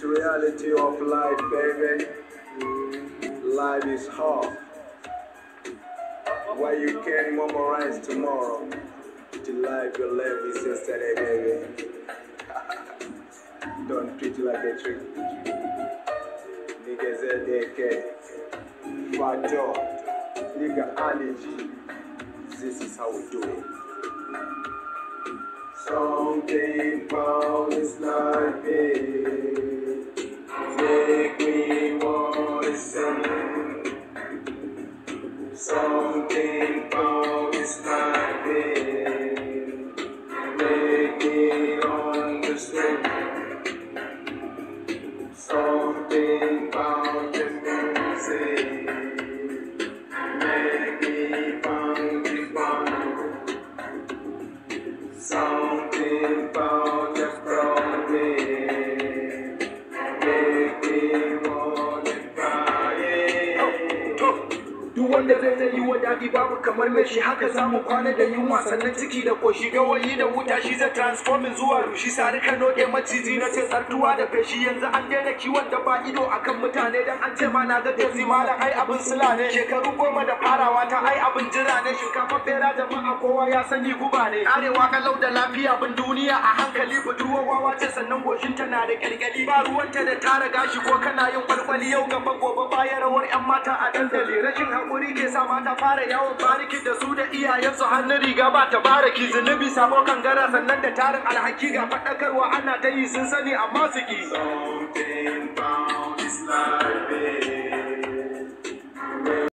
It's reality of life, baby. Life is hard. Why you can't memorize tomorrow? The life you live is yesterday, baby. Don't treat it like a trick. Niggas LDK. Fato. Nigga energy. This is how we do it. Something about this life. something wrong is not. duk wanda zai zai yi wa daɗi babu kamar mai shi haka za mu kwana da yin wasannin ciki da koshi gawayi da wuta shi zai transforming zuwa rushi sari kano noɗe maciji na ce tsartuwa da feshi yanzu an daina kiwon da ba ido a kan mutane dan an ce ma na ga malam ai abin sila shekaru goma da farawa ta ai abin jira ne shinkafa bera ma'a kowa ya sani guba ne arewa lau da lafiya bin duniya a hankali budurwa wawa ce sannan goshin na da kyalkyali ba ruwanta da tara gashi ko kana yin kwalkwali yau gaba gobe bayarawar rawar yan mata a dandali rashin hakuri ke sa mata fara yawon bariki da su da iyayensu hannun riga ba ta baraki zunubi samo kangara sannan da tarin alhaki ga faɗakarwa ana ta yi sun sani amma su ki.